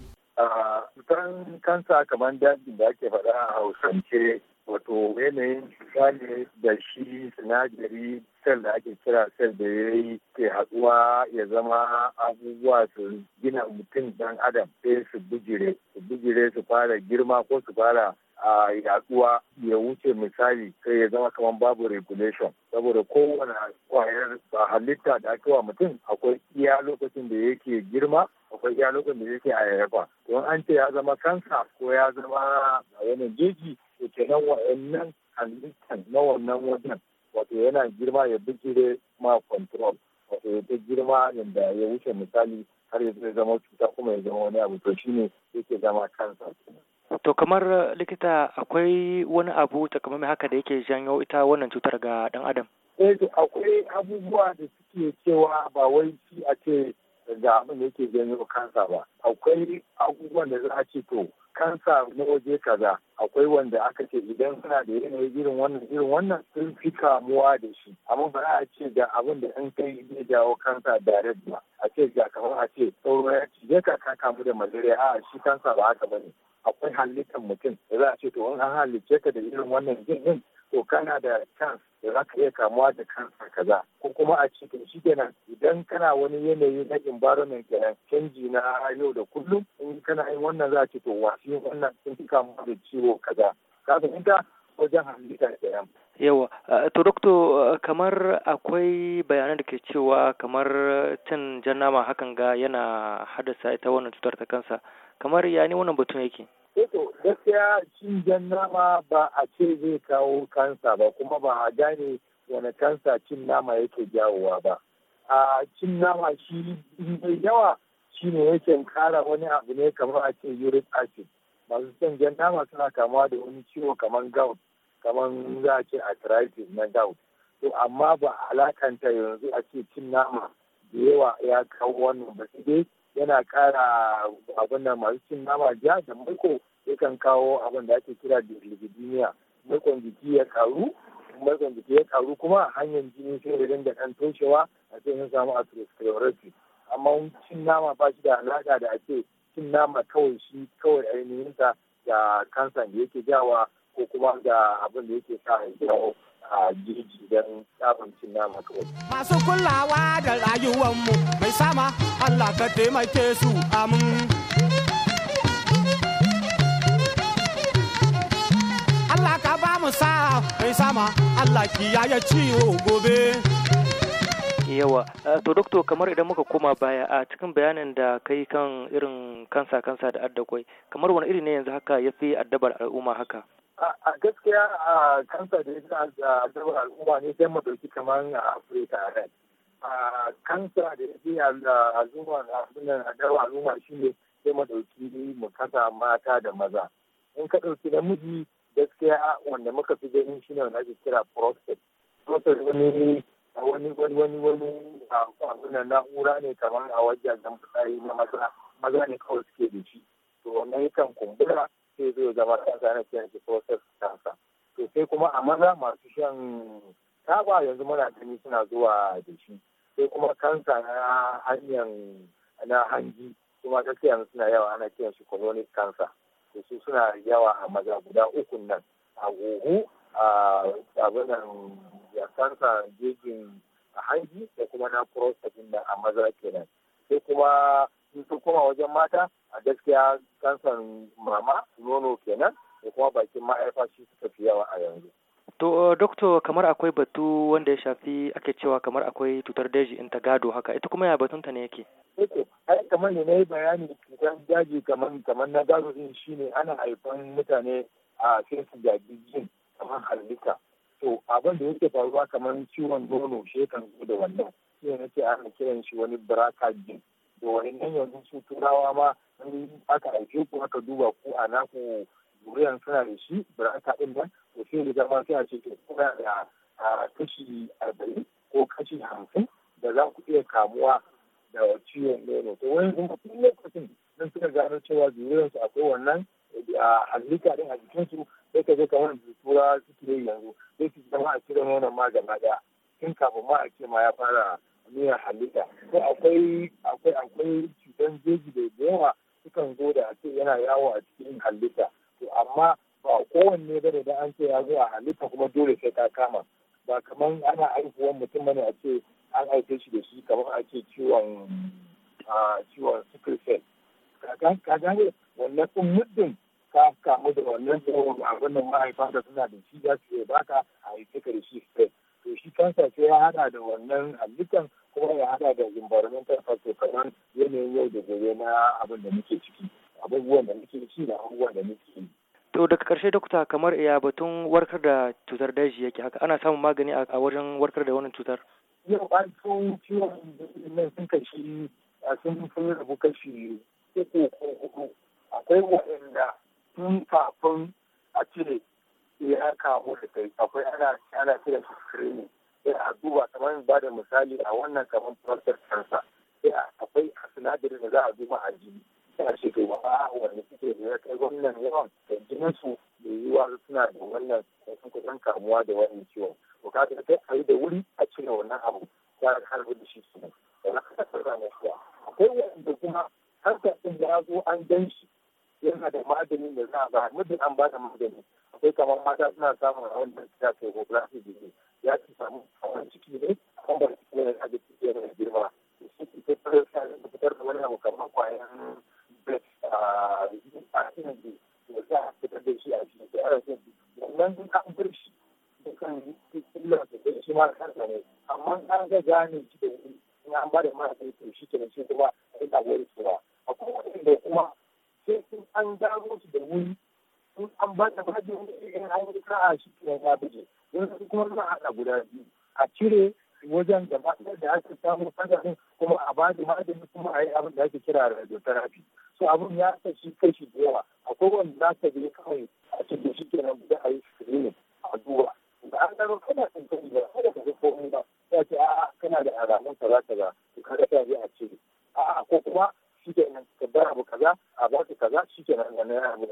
Kusan kansa kamar dajin da ake faɗa a hausance wato yanayin cuta da shi sinadari sel da ake kira sel da ya yi ke haɗuwa ya zama abubuwa su gina mutum dan adam sai su bijire su bijire su fara girma ko su fara a yaduwa ya wuce misali sai ya zama kamar babu regulation saboda kowane kwayar halitta da ake wa mutum akwai iya lokacin da yake girma akwai iya lokacin da yake ayyafa don an ce ya zama kansa ko ya zama wani jeji to kenan wa'annan halittan na wannan wajen wato yana girma ya bijire ma control wato ya girma yadda ya wuce misali har ya zama cuta kuma ya zama wani abu to shine yake zama kansa To kamar eh, likita akwai wani abu takamaimai haka da yake janyo ita wannan cutar ga ɗan adam? Eh akwai abubuwa da suke cewa ba wai shi a ce abin da yake janyo kansa ba. Akwai abubuwan da za a ce to kansa na waje kaza akwai wanda aka ce idan suna da yanayi irin wannan irin wannan sun fi kamuwa da shi amma ba a ce ga abin da in kai zai jawo kansa direct ba a ce ga kamar a ce sauro ya ce ka ka kamu da malaria a shi kansa ba haka bane akwai halittar mutum da za a ce to an halicce ka da irin wannan jin to kana da chance da za ka iya kamuwa da kansa kaza ko kuma a ce shi kenan idan kana wani yanayi na environment kenan canji na yau da kullum in kana yin wannan za a ce to wannan sun fi kamuwa da ciwo kaza ka fahimta wajen da kenan yawa to dokto kamar akwai bayanan da ke cewa kamar cin jan nama hakan ga yana haddasa ita wannan cutar ta kansa kamar ya ne wannan batun yake Eto, eh gaskiya cin jan nama ba a ce zai kawo kansa ba kuma ba a gane wani kansa cin nama yake jawowa ba a cin nama shi mai yawa shi ne yake kara wani abu ne kamar a ce uric acid masu cin jan nama suna kamuwa da wani ciwo kamar gout kamar za a ce arthritis na gout to amma ba alakanta yanzu a ce cin nama da yawa ya kawo wannan ba sai dai yana kara abin da masu cin nama ja da maiko yakan kawo abin da ake kira da lipidemia maikon jiki ya karu maikon jiki ya karu kuma hanyar jini sai da dinga dan toshewa a ce sun samu atherosclerosis amma cin nama ba shi da alaka da ake cin nama kawai shi kawai ainihinsa da kansa da yake jawa ko kuma ga abin da yake sa haihuwa a jirgin don samun cin nama kawai. Masu kulawa da rayuwanmu mai sama Allah ka taimake su amin. Allah ka ba mu sa mai sama Allah kiyaye ciwo gobe. yawa to doktor kamar idan muka koma baya a cikin bayanin da kai kan irin kansa kansa da addakwai kamar wani iri ne yanzu haka ya fi addabar al'umma haka a gaskiya a kansa da ya a gabar al'umma ne sai mu dauki kamar a afirka red a kansa da ya fi al'umma a gabar al'umma shi ne sai mu dauki mu kasa mata da maza in ka dauki namiji gaskiya wanda muka fi ganin shi ne wanda ake kira prostate prostate wani wani wani wani wani abunan na'ura ne kamar a wajen da na maza maza ne kawai suke da shi to wannan yakan kumbura sai zai zama kansa na cikin difosis kansa to sai kuma a maza masu shan taba yanzu muna gani suna zuwa da shi sai kuma kansa na hanyar na hanji kuma ta yanzu suna yawa ana kiran shi colonic cancer to su suna yawa a maza guda uku nan a huhu a abinan ya kansa jejin a hanji da kuma na prostate na a maza kenan sai kuma sun koma wajen mata a gaskiya kansan mama nono kenan da kuma bakin ma'aifa shi suka fi yawa a yanzu. To, eh, doktor kamar akwai batu wanda ya shafi ake cewa kamar akwai cutar daji in ta gado haka, ita kuma ya batunta ne yake? Yake, eh ai kamar ne na yi bayani cutar daji kamar kamar na gado din shi ne ana haifan mutane a sai su jajijin kamar halitta. To, abin da yake faruwa kamar ciwon nono shi kan da wannan. Shi ne nake ana kiran shi wani braka jin. da wa'annan yanzu su turawa ma aka aike ku aka duba ku a naku zuriyar suna da shi birata ɗin nan to sai da zama sai a ce ke kuna da kashi arba'in ko kashi hamsin da za ku iya kamuwa da ciwon nono to wani kuma tun lokacin sun suka gano cewa zuriyansu akwai wannan halitta din a jikinsu sai ka je kamar da turawa suke yanzu sai su zama a cire nonon ma gaba ɗaya kafin ma a ce ma ya fara nuna halitta ko akwai akwai akwai cutan jeji da yawa sukan zo da ce yana yawo a cikin halitta to amma ba kowanne ba da an ce ya zo a halitta kuma dole sai ka kama ba kamar ana haihuwar mutum bane a ce an aike shi da shi kamar a ce ciwon ciwon sickle cell ka gane wannan kun muddin ka kamu da wannan ciwon abin nan mahaifa da suna da shi za su iya baka a yi ka da shi to shi kansa sai ya hada da wannan halittan kuma ya hada da environmental factor kamar yanayin yau da gobe na abin da muke ciki abubuwan da muke ci da abubuwan da muke yi. To daga karshe dokta kamar iya batun warkar da cutar daji yake haka ana samun magani a wajen warkar da wannan cutar. Yau an tun ciwon nan sun kashi a sun sun rabu kashi uku ko hudu akwai waɗanda tun kafin a cire ya kawo da kai akwai ana ana cire su screening sai a duba kamar ba da misali a wannan kamar prostate cancer sai akwai sinadarin da za a duba a jini sai a ce to ba wani suke da ya kai wannan yawan da jinin su da yiwuwa suna da wannan sun kusan kamuwa da wannan ciwon to ka ga sai a yi da wuri a cire wannan abu ya harbi da shi su ne akwai wanda kuma harkar sun ya zo an gan shi yana da maganin da za a ba muddin an ba da magani akwai kamar mata suna samun a wannan ta ke gobra ya ci samu kawai ciki ne kan ba ciki ne da ciki ne mai girma shi ke fitar da fitar da wani abu kamar kwayan bet ah, a cikin da ya za a fitar da shi a cikin da ya rasu wannan duk an bar shi da kan da ya shi ma kansa ne amma an ga gane shi da wuri in an ba mara kai to shi ke shi kuma a yi labarai su ba kuma wanda kuma sai sun an gano su da wuri sun an bada da da wuri in an yi ka'a shi ke ya in kuma za a da guda biyu a cire wajen da da ake samu sanadin kuma a ba da magani kuma a yi abin da ake kira radiotherapy so abin ya kashi kashi da yawa a wanda za ka je kawai a cikin shi kenan guda a yi screening a duba da an gano kana son kai ba kada ka ga komai ba ya ce a'a kana da alamun ta kaza to kada ka je a cire a'a ko kuma shi kenan ka bar abu kaza a ba ka kaza shi kenan ga nan abu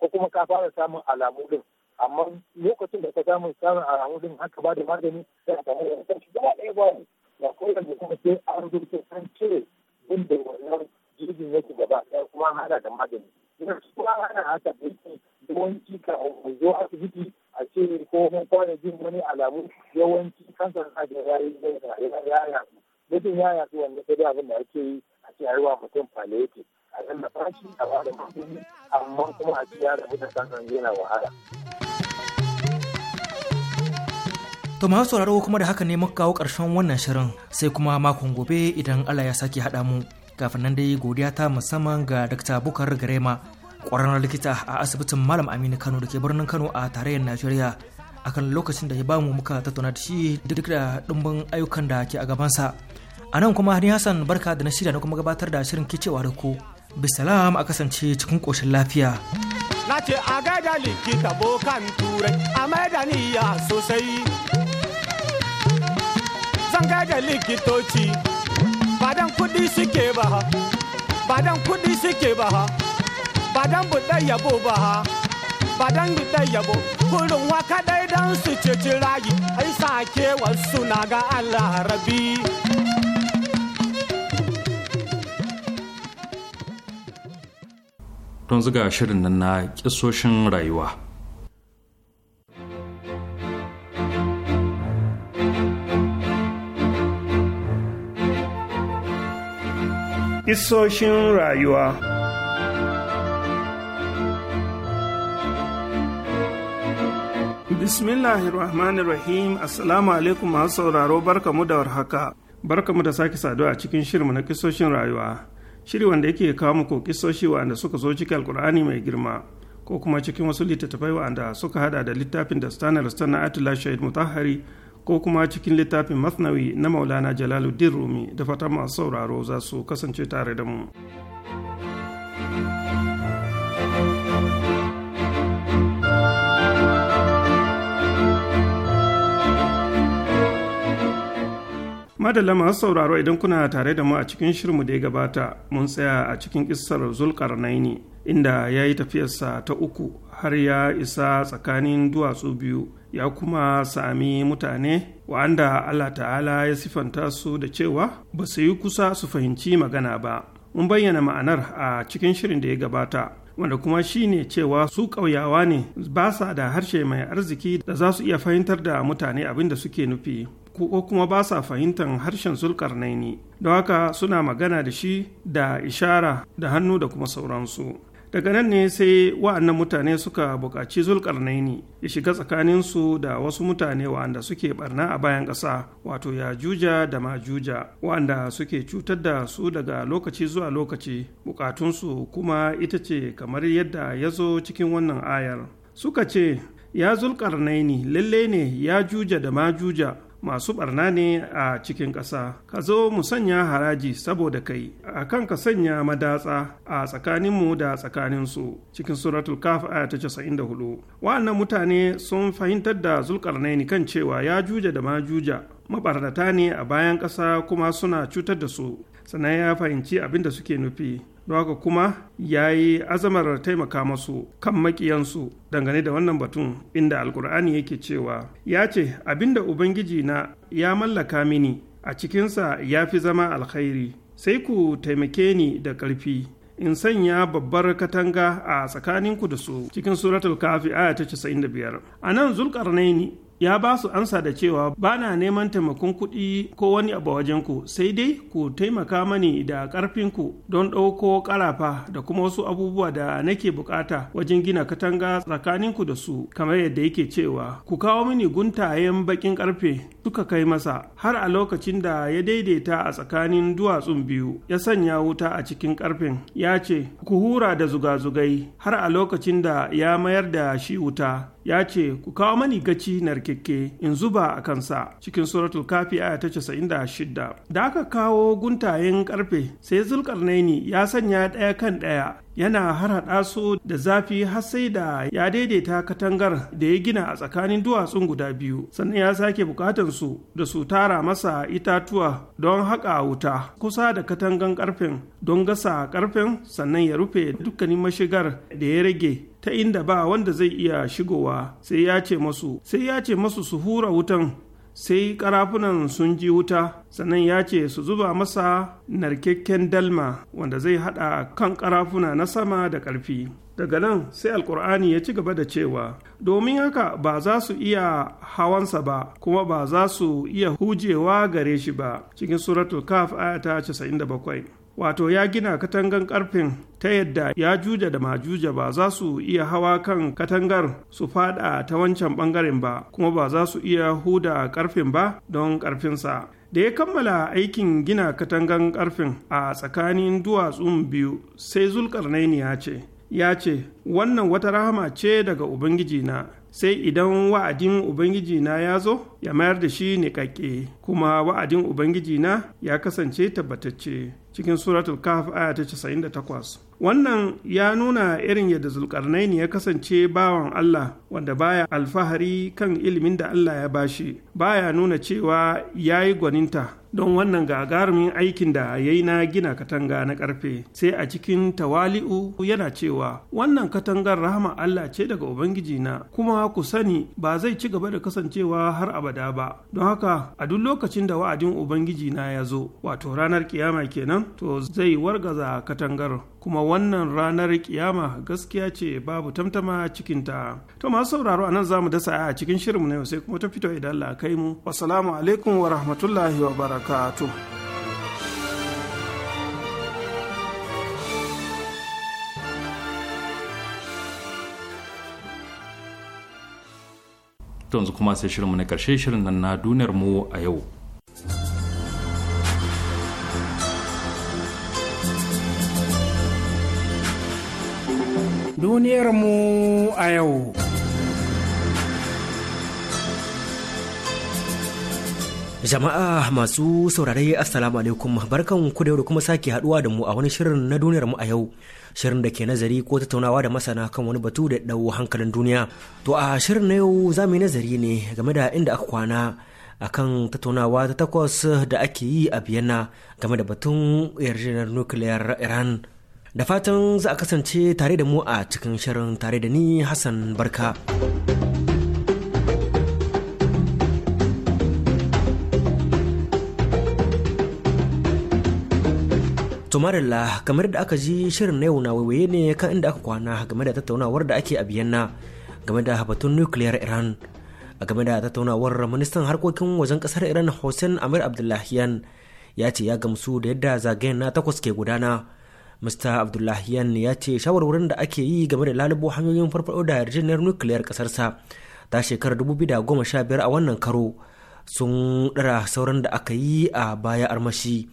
ko kuma ka fara samun alamu din amma lokacin da ka samu samun a rahoton haka ba da magani da ta samu da shi gaba ɗaya ba ne da da kuma sai an zurfe an cire din da wannan jirgin yake gaba ɗaya kuma hana da magani ina kuma hada haka da yake yawanci ka zo asibiti a ce ko mun kwana jin wani alamu yawanci kansar na da ya yi ya yaɗu mutum ya yaɗu da sai da abin da ake yi a ce a yi mutum palliative tallafa a ba da amma kuma a da yana wahala. To masu sauraro kuma da haka ne muka kawo ƙarshen wannan shirin sai kuma makon gobe idan Allah ya sake haɗa mu kafin nan dai godiya ta musamman ga Dr. Bukar Garema ƙwararren likita a asibitin Malam Aminu Kano da ke birnin Kano a tarayyar Najeriya akan lokacin da ya ba mu muka tattauna da shi duk da ɗumbin ayyukan da ke a gabansa. A nan kuma ni Hassan barka da na shirya na kuma gabatar da shirin kicewa da ku bisalam a kasance cikin koshin lafiya. Na ce a gaida likita bokan turai a maidaniya sosai. Zan gaida likitoci badan kudi suke ba ha, badan kudi suke ba ha, badan budai yabo ba ha, badan budai yabo. Kurin waka dai don su ceci rayu, ai sake wasu na ga Allah rabi. don zuga shirin nan na kisoshin rayuwa. Kisoshin rayuwa Bismillahirrahmanirrahim Assalamu alaikum masu sauraro barkamu da warhaka. Barkamu da sake saduwa a cikin shirma na kisoshin rayuwa. shiri wanda yake kawo muku kisoshi wanda suka zo cikin alkur'ani mai girma ko kuma cikin wasu littattafai wanda suka hada da littafin da stanar na atila shahid mutahari ko kuma cikin littafin masnawi na maulana jalaluddin rumi da fatan masu sauraro za su kasance tare da mu. madalla masu sauraro idan kuna tare da mu a cikin shirinmu da ya gabata mun tsaya a cikin kissar zulkarnaini inda ya yi tafiyarsa ta uku har ya isa tsakanin duwatsu biyu ya kuma sami mutane wa'anda allah ta'ala ya sifanta su da cewa ba su yi kusa su fahimci magana ba mun bayyana ma'anar a cikin shirin da ya gabata wanda kuma shi ne cewa su ƙauyawa ne ba sa da harshe mai arziki da za su iya fahimtar da mutane abin da suke nufi ko kuma ba sa fahimtar harshen naini don haka suna magana da shi da ishara da hannu da kuma sauransu daga nan ne sai wa'annan mutane suka buƙaci zulkarnaini ya shiga tsakaninsu da wasu mutane wa'anda suke barna a bayan ƙasa wato ya juja da ma juja? wa'anda suke cutar da su daga lokaci zuwa lokaci buƙatunsu kuma ita ce kamar yadda ya zo cikin wannan ayar suka ce ya zulkarnaini lalle ne ya juja da ma juja? masu barna ne a cikin ƙasa ka zo mu sanya haraji saboda kai a kan ka sanya madatsa a tsakaninmu da tsakaninsu cikin suratul kaf aya ta casa'in da hudu. wa'annan mutane sun fahimtar da zulkarnaini kan cewa ya juja da majuja mabarnata ne a bayan ƙasa kuma suna cutar da su sannan ya fahimci abin da suke nufi don haka kuma ya yi azamar taimaka masu kan makiyansu dangane da wannan batun inda alkur'ani yake cewa ya ce abinda ubangiji na ya mallaka mini a cikinsa ya fi zama alkhairi sai ku taimake ni da ƙarfi in sanya babbar katanga a tsakaninku da su cikin suratul kafi aya ta 95 a nan zulkarnaini ya ba su ansa da cewa ba na neman taimakon kuɗi ko wani abu wajen ku, sai dai ku taimaka mani da ƙarfinku don ɗauko ƙarafa da kuma wasu abubuwa da nake bukata wajen gina katanga tsakaninku da su kamar yadda yake cewa ku kawo mini guntayen baƙin ƙarfe suka kai masa har a lokacin da ya daidaita a tsakanin duwatsun biyu ya sanya wuta a cikin ƙarfin ya ce ku hura da zuga-zugai har a lokacin da ya mayar da shi wuta ya ce ku kawo mani gaci narkekke in zuba a kansa cikin suratul kafi aya ta shidda da aka kawo guntayen karfe sai zulkarnaini ya sanya ɗaya kan ɗaya yana harhaɗa su da zafi har sai da ya daidaita katangar da ya gina a tsakanin duwatsun guda biyu sannan ya sake bukatan su da su tara masa itatuwa don haƙa wuta kusa da katangan ƙarfen don gasa ƙarfen sannan ya rufe dukkanin mashigar da ya rage ta inda ba wanda zai iya shigowa sai ya masu sai ya ce masu su hura wutan sai karafunan sun ji wuta sannan ya ce su zuba masa narkakken dalma wanda zai hada kan karafuna na sama da ƙarfi daga nan sai alkur'ani ya ci gaba da cewa domin haka ba za su iya hawansa ba kuma ba za su iya hujewa gare shi ba cikin suratul kaf aya ta 97 wato ya gina katangan karfin ta yadda ya juja da majuja ba za su iya hawa kan katangar su fada ta wancan bangaren ba kuma ba za su iya huda karfin ba don karfinsa da ya kammala aikin gina katangan karfin a tsakanin duwatsun biyu sai zulkarnaini ya ce ya ce wannan wata rahama ce daga ubangiji na sai idan wa'adin ubangiji na ya zo ya mayar da shi niƙaƙƙe kuma wa'adin ubangiji na ya kasance tabbatacce cikin suratul kaf aya ta 98 wannan ya nuna irin yadda zulkarnaini ya kasance bawan Allah wanda baya alfahari kan ilimin da Allah ya bashi baya nuna cewa ya yi gwaninta don wannan gagarumin aikin da ya na gina katanga na karfe sai a cikin tawali'u yana cewa wannan katangar rahama Allah ce daga Ubangiji na kuma ku sani ba zai ci gaba da kasancewa har abada ba don haka a duk lokacin da wa'adin Ubangiji na ya zo wato ranar kiyama kenan to zai wargaza katangar kuma wannan ranar kiyama gaskiya ce babu tamtama cikinta. To masu sauraro a nan za mu dasa a cikin shirinmu na yau sai kuma ta fito idan Allah kai mu. Wassalamu alaikum wa rahmatullahi wa barakatuh. yanzu kuma sai shirinmu na karshe shirin nan na duniyar mu a yau. mu a yau. Jama'a masu saurare Assalamu alaikum barkan ku da kuma sake haduwa da mu a wani shirin na duniyar mu a yau shirin da ke nazari ko tattaunawa da masana kan wani batu da dau hankalin duniya to a shirin na yau za mu yi nazari ne game da inda aka kwana akan tattaunawa ta takwas da ake yi a biyana game da batun yarjejeniyar nukiliyar Iran da fatan za a kasance tare da mu a cikin shirin tare da ni Hassan Barka. Tumarilla kamar da aka ji shirin na yau na waiwaye ne kan inda aka kwana game da tattaunawar da ake a Biyanna game da batun nukiliyar Iran. A game da tattaunawar ministan harkokin wajen kasar Iran Hussein Amir Abdullahian ya ce ya gamsu da yadda zagayen na takwas ke gudana mr abdullahiyan ya ce shawarwarin da ake yi game da lalubo hanyoyin farfado da yarjejeniyar nukiliyar ƙasarsa ta shekarar 2015 a wannan karo sun ɗara sauran da aka yi a baya armashi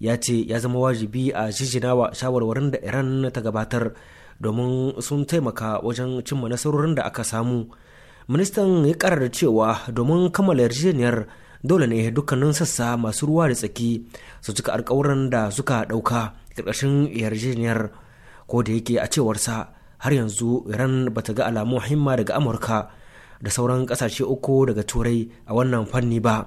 ya ce ya zama wajibi a jijinawa shawarwarin da iran ta gabatar domin sun taimaka wajen cimma nasarorin da aka samu ministan ya karar da cewa domin kammala yarjejeniyar dole ne dukkanin sassa masu ruwa da tsaki su cika alkawuran da suka ɗauka ƙarƙashin yarjejeniyar ko da yake a cewarsa har yanzu iran ba ta ga alamu himma daga amurka da sauran ƙasashe uku daga turai a wannan fanni ba.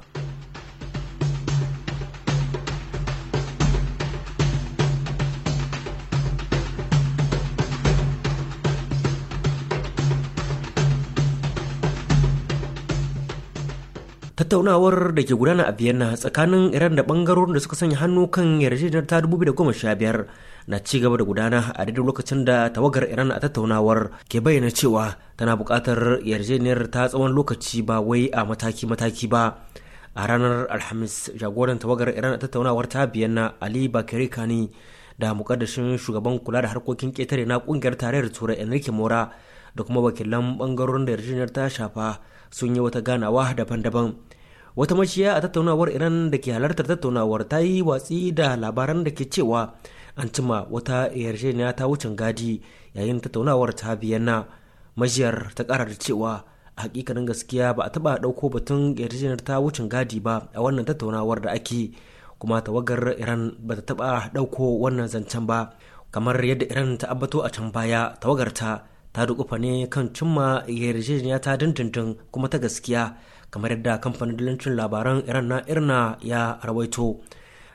tattaunawar da ke gudana a vienna tsakanin iran da bangarorin da suka sanya hannu kan yarjejeniyar ta sha biyar na ci gaba da gudana a daidai lokacin da tawagar iran a tattaunawar ke bayyana cewa tana buƙatar yarjejeniyar ta tsawon lokaci ba wai a mataki-mataki ba a ranar alhamis jagoran tawagar iran a tattaunawar ta vienna ali bakari kani da mukaddashin shugaban kula da harkokin ƙetare na ƙungiyar tarayyar turai enrique mora da kuma wakilan bangarorin da yarjejeniyar ta shafa sun yi wata ganawa daban-daban wata maciya a tattaunawar iran da ke halartar tattaunawar ta yi watsi da labaran da ke cewa an cima wata yarjejeniya ta wucin gadi yayin tattaunawar ta biyana majiyar ta kara da cewa a hakikanin gaskiya ba a taba dauko batun yarjejeniyar ta wucin gadi ba a wannan tattaunawar da ake kuma tawagar iran ba ta taba dauko wannan zancen ba kamar yadda iran ta abato a can baya tawagar ta ta dukufa ne kan cimma yarjejeniya ta dindindin kuma ta gaskiya kamar yadda kamfanin dalancin labaran iran na irna ya rawaito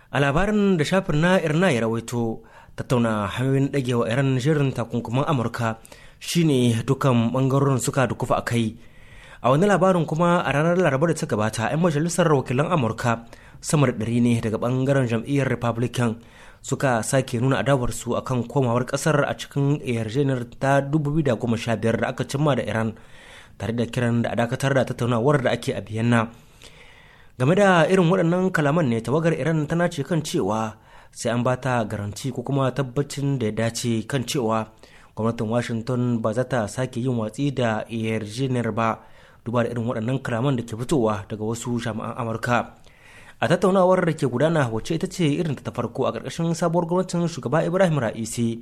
a labarin da shafin na irna ya rawaito tattauna hanyoyin dagewa iran shirin takunkuman amurka shine dukan bangarorin suka dukufa a kai a wani labarin kuma a ranar laraba da ta gabata 'yan majalisar wakilan amurka sama da ɗari ne daga bangaren jam'iyyar republican suka sake nuna adawarsu akan komawar kasar a cikin yarjejeniyar ta 2015 da aka cimma da iran tare da kiran da dakatar da tattaunawar da ake a biyanna game da irin waɗannan kalaman ne tawagar iran tana ce kan cewa sai an ba ta garanti ko kuma tabbacin da ya dace kan cewa gwamnatin washington ba za ta sake yin watsi da yarjejeniyar ba duba da irin waɗannan kalaman da ke fitowa daga wasu jami'an amurka a tattaunawar da ke gudana wacce ita ce irin ta farko a ƙarƙashin sabuwar gwamnatin shugaba ibrahim ra'isi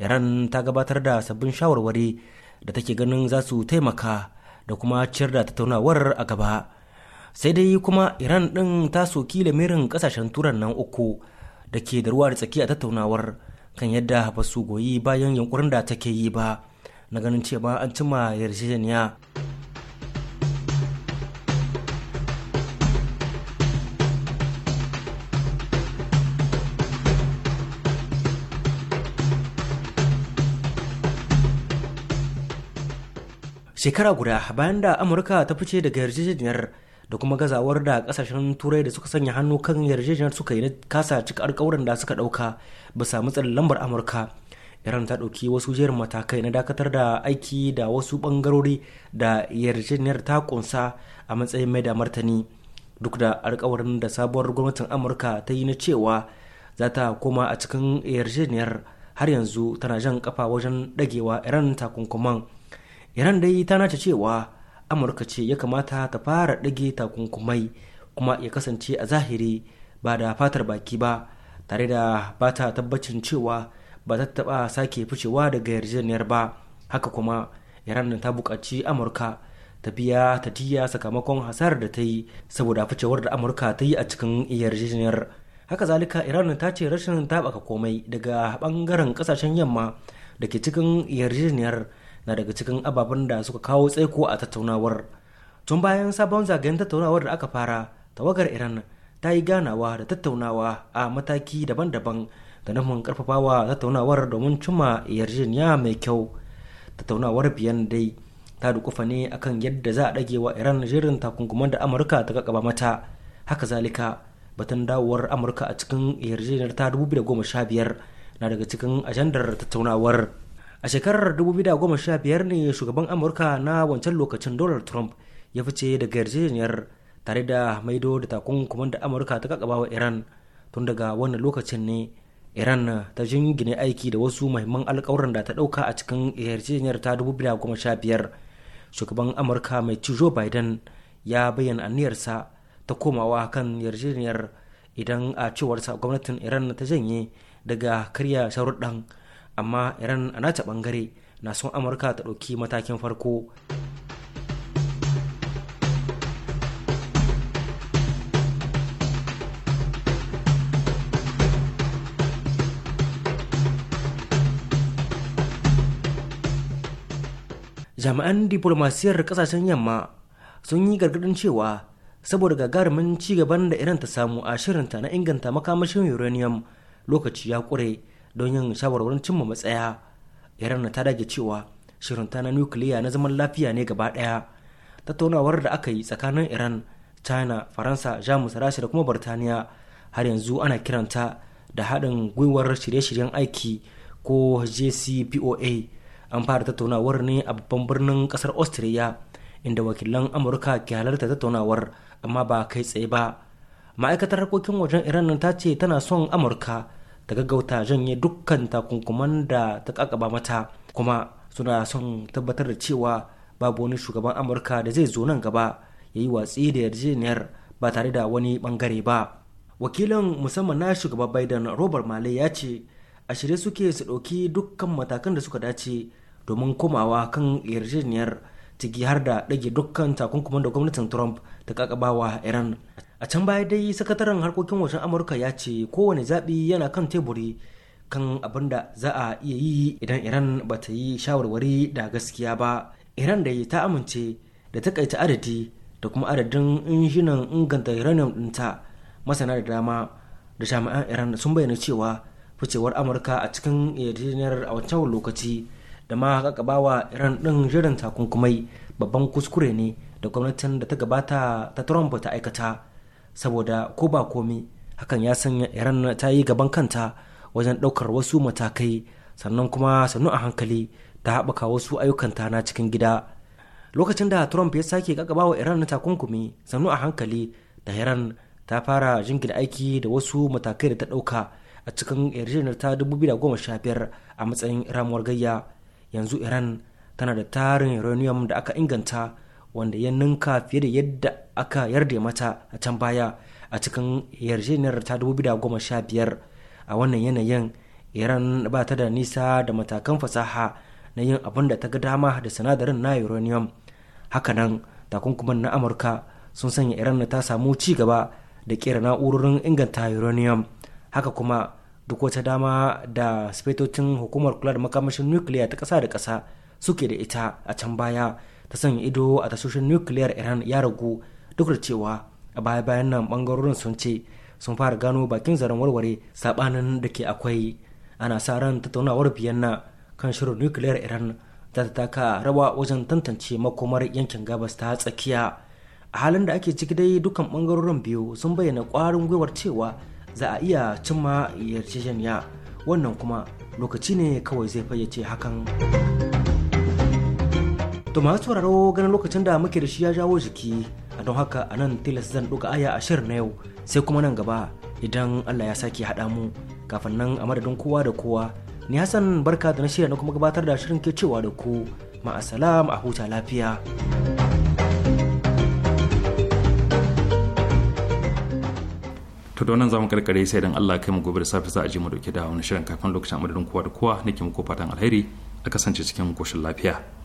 iran ta gabatar da sabbin shawarwari da take ganin za su taimaka da kuma ciyar da tattaunawar a gaba sai dai kuma iran ɗin ta soki lamirin ƙasashen turan nan uku da ke da ruwa da tsaki a tattaunawar kan yadda ba su goyi bayan yankurin da take yi ba na ganin cewa an cimma yarjejeniya shekara guda bayan da amurka ta fice daga yarjejeniyar da kuma gazawar da kasashen turai da suka sanya hannu kan yarjejeniyar suka yi na kasa cika alkawuran da suka dauka bisa matsalar lambar amurka iran ta ɗauki wasu jerin matakai na dakatar da aiki da wasu bangarori da yarjejeniyar ta kunsa a matsayin mai da martani duk da alkawarin da sabuwar gwamnatin amurka ta yi na cewa za ta koma a cikin yarjejeniyar har yanzu tana jan kafa wajen dagewa iran takunkuman iran dai ta nace cewa amurka ce ya kamata ta fara ɗage takunkumai kuma ya kasance a zahiri ba da fatar baki ba tare da ba ta tabbacin cewa ba ta taɓa sake ficewa daga yarjejeniyar ba haka kuma iran ta buƙaci amurka ta biya ta tiya sakamakon hasarar da ta yi saboda ficewar da amurka ta yi a cikin yarjejeniyar haka zalika iran ta ce rashin taɓaka komai daga ɓangaren ƙasashen yamma da ke cikin yarjejeniyar na daga cikin ababen da suka kawo tsaiko a tattaunawar tun bayan sabon zagayen tattaunawar da aka fara tawagar iran ta yi ganawa da tattaunawa a mataki daban-daban da nufin karfafawa tattaunawar domin cimma yarjejeniya mai kyau tattaunawar biyan dai ta dukufa ne akan yadda za a ɗage wa iran jirin takunkuman da amurka ta kakaba mata haka zalika batun dawowar amurka a cikin yarjejeniyar ta 2015 na daga cikin ajandar tattaunawar a shekarar 2015 ne shugaban amurka na wancan lokacin donald trump ya fice daga yarjejeniyar tare da maido da takunkuman da amurka ta kakaba wa iran tun daga wannan lokacin ne iran ta jingine aiki da wasu mahimman alkawuran da ta dauka a cikin yarjejeniyar ta 2015 shugaban amurka mai ci joe biden ya bayyana aniyarsa ta komawa kan yarjejeniyar idan a cewarsa gwamnatin iran ta janye daga karya sharuɗan amma iran a nata bangare na son amurka ta ɗauki matakin farko jami'an diplomasiyar kasashen yamma sun yi gargadin cewa saboda gagarumin gaban da iran ta samu a shirinta na inganta makamashin uranium lokaci ya kure don yin shawarwarin cimma matsaya iran ta dage cewa shirinta na nukiliya na zaman lafiya ne gaba daya tattaunawar da aka yi tsakanin iran china faransa jamus rasha da kuma birtaniya har yanzu ana kiranta da haɗin gwiwar shirye-shiryen aiki ko jcpoa an fara tattaunawar ne a babban birnin ƙasar austria inda wakilan amurka ke halarta tattaunawar amma ba kai tsaye ba ma'aikatar harkokin wajen iran ta ce tana son amurka ta gaggauta janye dukkan takunkuman da ta kakaba mata kuma suna son tabbatar da cewa babu wani shugaban amurka da zai zo nan gaba ya yi watsi da yarjejeniyar ba tare da wani bangare ba wakilin musamman na shugaban biden robert male ya ce a shirye suke su ɗauki dukkan matakan da suka dace domin komawa kan yarjejeniyar ciki har da ɗage dukkan takunkuman da gwamnatin trump ta kakabawa iran a can baya dai sakataren harkokin wajen amurka ya ce kowane zaɓi yana kan teburi kan abin da za a iya yi idan iran ba ta yi shawarwari da gaskiya ba iran da ta amince da takaita adadi da kuma adadin injinan inganta uranium ɗinta masana da dama da jami'an iran sun bayyana cewa ficewar amurka a cikin yarjejeniyar a wancan lokaci da ma bawa iran ɗin jiran takunkumai babban kuskure ne da gwamnatin da ta gabata ta trump ta aikata saboda ko ba komi hakan ya sanya iran ta yi gaban kanta wajen ɗaukar wasu matakai sannan kuma sannu a hankali ta haɓaka wasu ayyukanta na cikin gida lokacin da trump ya sake gagabawa wa iran na takunkumi sannu a hankali da iran ta fara jingina aiki da wasu matakai da ta ɗauka a cikin yarjejeniyar ta 2015 a matsayin ramuwar gayya yanzu iran tana da tarin uranium da aka inganta wanda ya ninka fiye da yadda aka yarda mata a can baya a cikin yarjejeniyar ta goma sha biyar a wannan yanayin iran ba ta da nisa da matakan fasaha na yin abin da ta ga dama da sinadarin na uranium hakanan takunkuman na amurka sun sanya iran ta samu ci gaba da kera na'urorin inganta uranium haka kuma duk wata dama da sifetocin hukumar kula da makamashin nukiliya ta ƙasa da ƙasa suke da ita a can baya ta sanya ido a tasoshin nukiliyar iran ya ragu duk da cewa a baya bayan nan bangarorin sun ce sun fara gano bakin zaren warware sabanin da ke akwai ana sa ran tattaunawar biyanna kan shirin nukiliyar iran za ta taka rawa wajen tantance makomar yankin gabas ta tsakiya a halin da ake ciki dai dukkan bangarorin biyu sun bayyana kwarin gwiwar cewa za a iya cimma yarjejeniya wannan kuma lokaci ne kawai zai fayyace hakan. To masu sauraro ganin lokacin da muke da shi ya jawo jiki a don haka a nan tilas zan ɗuga aya a shirin na yau sai kuma nan gaba idan Allah ya sake haɗa mu kafin nan a madadin kowa da kowa ni Hassan barka da na shirya na kuma gabatar da shirin ke cewa da ku ma'asalam a huta lafiya. to zamu zamu karkare sai dan Allah kai mu gobe da safi za a je mu dauke da wani shirin kafin lokacin madadin kowa da kowa nake muku fatan alheri a kasance cikin koshin lafiya